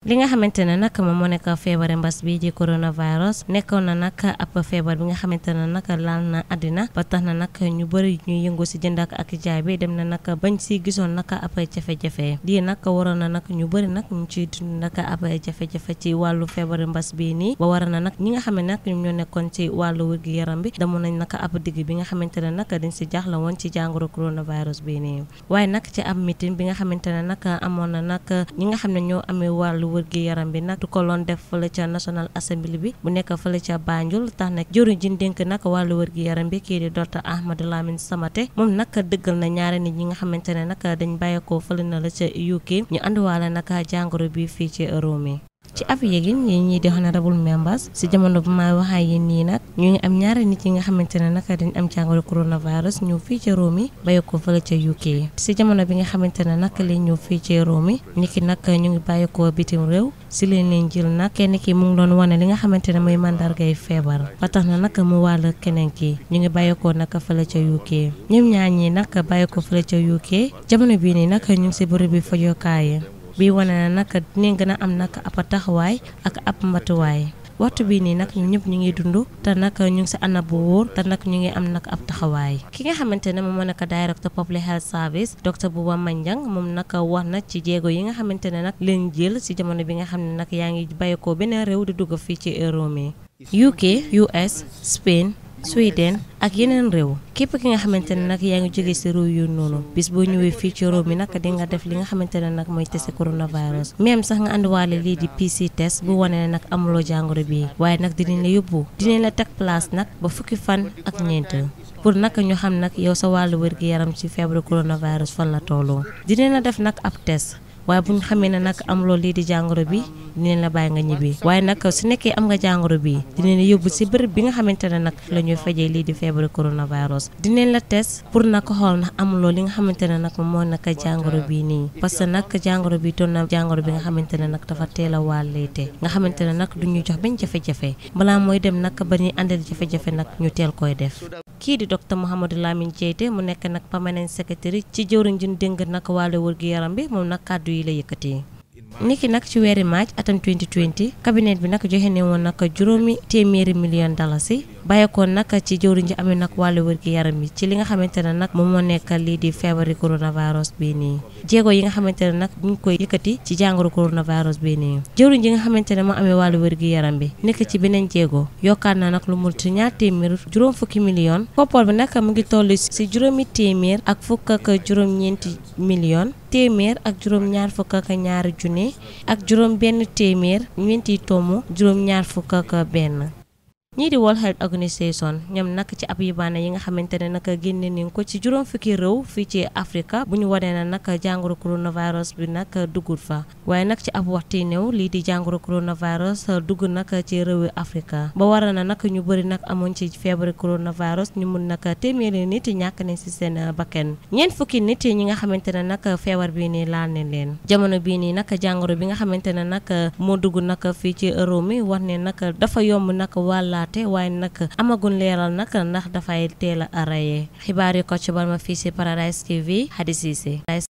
li nga xamantene nak nag mo nek nekk mbass bi di coronavirus nekkoon na nak ap feebar bi nga xamantene nak nag na adina ba tax na nak ñu bari ñu yëngu ci jënd ak ak jaay bi dem na nak bañ ci gisoon nak ap jafé jafé di nak waroon na nag ñu bari nak ñu ci dund nak ap jafé jafé ci walu feebar mbass bi ni ba war na ñi nga xamé nak nag ñoo ci walu wëg yaram bi demoon nañ nak ap digg bi nga xamantene nak dañ ci jaxla won ci jangoro coronavirus bi ni way nak ci ab meeting bi nga xamantene nak nag na nag ñi nga xamné ñoo wërgi yaram bi nag du ko loon def fële ca National Assembly bi bu nekk fële ca Banjul tax nag jëriñ ji dénk nag wàllu gi yaram bi kii di docteur Ahmed Lamine samate moom nag dëggal na ñaari nit ñi nga xamante ne nag dañ bàyyeekoo fële na la ca UK ñu ànduwaale nag jàngoro bi fii ci réew mi ci af yéegin yéen ñii di honorable members si jamono bu may waxaa yéen nii nag ñu ngi am ñaari nit yi nga xamante ne naka dañ am jàngoro coronavirus ñëw fii ci réew mi bàyyi ko fële ca UK si jamono bi nga xamante ne naka lañ ñëw fii ci réew mi niki nag ñu ngi bàyyi ko réew si leen leen jël nag kenn ki mu ngi doon wane li nga xamante ne mooy mandargay feebar ba tax na nag mu wàll keneen ki ñu ngi bàyyi ko nag fële ca UK ñoom ñaar ñi nag bàyyi ko fële ca UK jamono bii nii nag ñu ngi si bërëb bi fajokaay bi wane na nag dinañ gën am nag ab taxawaay ak ab matuwaay waxtu bii nii nag ñu ñëpp ñu ngi dund te nag ñu ngi si anam bu wóor te nag ñu ngi am nag ab taxawaay ki nga xamante ne moom moo nekk directeur public health service docteur Bouba Mandiang moom nag wax na ci jéego yi nga xamante ne nag leen jël si jamono bi nga xam ne nag yaa ngi bàyyeekoo beneen réew di dugg fii ci réew mi UK US Spain Sweden ak yeneen réew képp ki nga xamante ne nag yaa ngi jógee sa réew yu noonu bis boo ñëwee fii ci réew mi nag di nga def li nga xamante ne nag mooy test coronavirus même sax nga àndiwaale lii di PC tes bu wane nag amuloo jàngoro bii waaye nag dinañ la yóbbu dinañ la teg place nag ba fukki fan ak ñeent. pour naka ñu xam nag yow sa wàll wér-gi-yaram ci feebaru coronavirus fan la tolloo dinañ la def nag ab test. waaye bu ñu xamee ne nag am loolu lii di jàngoro bi dinañ la bàyyi nga ñibbi waaye nag su nekkee am nga jàngoro bi dinañ yóbbu si bi nga xamante ne nag la ñuy fajee lii di feebaru coronavirus dinañ la test pour nag xool ndax am loolu li nga xamante ne nag moo naka jàngoro bi nii parce que nag jàngoro bi doon na jàngoro bi nga xamante ne nag dafa teel a wàlleete nga xamante ne nag du ñu jox benn jafe-jafe balaa mooy dem nag ba ñuy àndal jafe-jafe nag ñu teel koy def kii di docteur Mouhamadou Lamine Diété mu nekk nag permanent secrétaire ci jëwriñ ji dénk nag wàllu wër gi yaram bi yi la yëkkatee. niki nag ci weeri maaj atam 2020 cabinet bi nag joxe ne woon nag juróomi téeméeri million dalasi bàyyeekoon nag ci jëwriñ ji amee nag wàllu gi yaram bi ci li nga xamante ne nag moom moo nekkal lii di feebari coronavirus bii nii jéego yi nga xamante ne nag ñu ngi koy yëkkati ci jàngoro coronavirus bii nii jëwriñ ji nga xamante ne moo amee wàllu wérgi yaram bi nekk ci beneen jéego yokkaat na nag lu mu ci ñaar téeméer juróom fukki million koppoor bi nag mu ngi toll si juróomi téeméer ak fukk ak juróom-ñeenti million téeméer ak juróom ñaar fukk ak ñaari junni ak juróom benn téeméer ñeenti tomu juróom ñaar fukk ak benn ñii di World Health Organisation ñoom nag ci ab yibaane yi nga xamante ne nag génne nañ ko ci juróom fukki réew fii ci Afrika bu ñu wanee na nag jàngoro coronavirus bi nag duggul fa waaye ci ab waxtu yi néew lii di jàngoro coronavirus dugg nag ci réewi Afrika ba waral na nag ñu bëri nag amoon ci feebaru coronavirus ñu mun nag téeméeri nit ñàkk ne si seen bakken ñeen fukki nit ñi nga xamante ne nag feebar bi ni laal ne leen jamono bii nii nag jàngoro bi nga xamante ne nag moo dugg nag fii ci réew mi wax ne nag raté waaye nag amagun leeral nag ndax dafay teel a rayé xibaar yi ko ci bal ma fii si Paradise TV Hady Cissé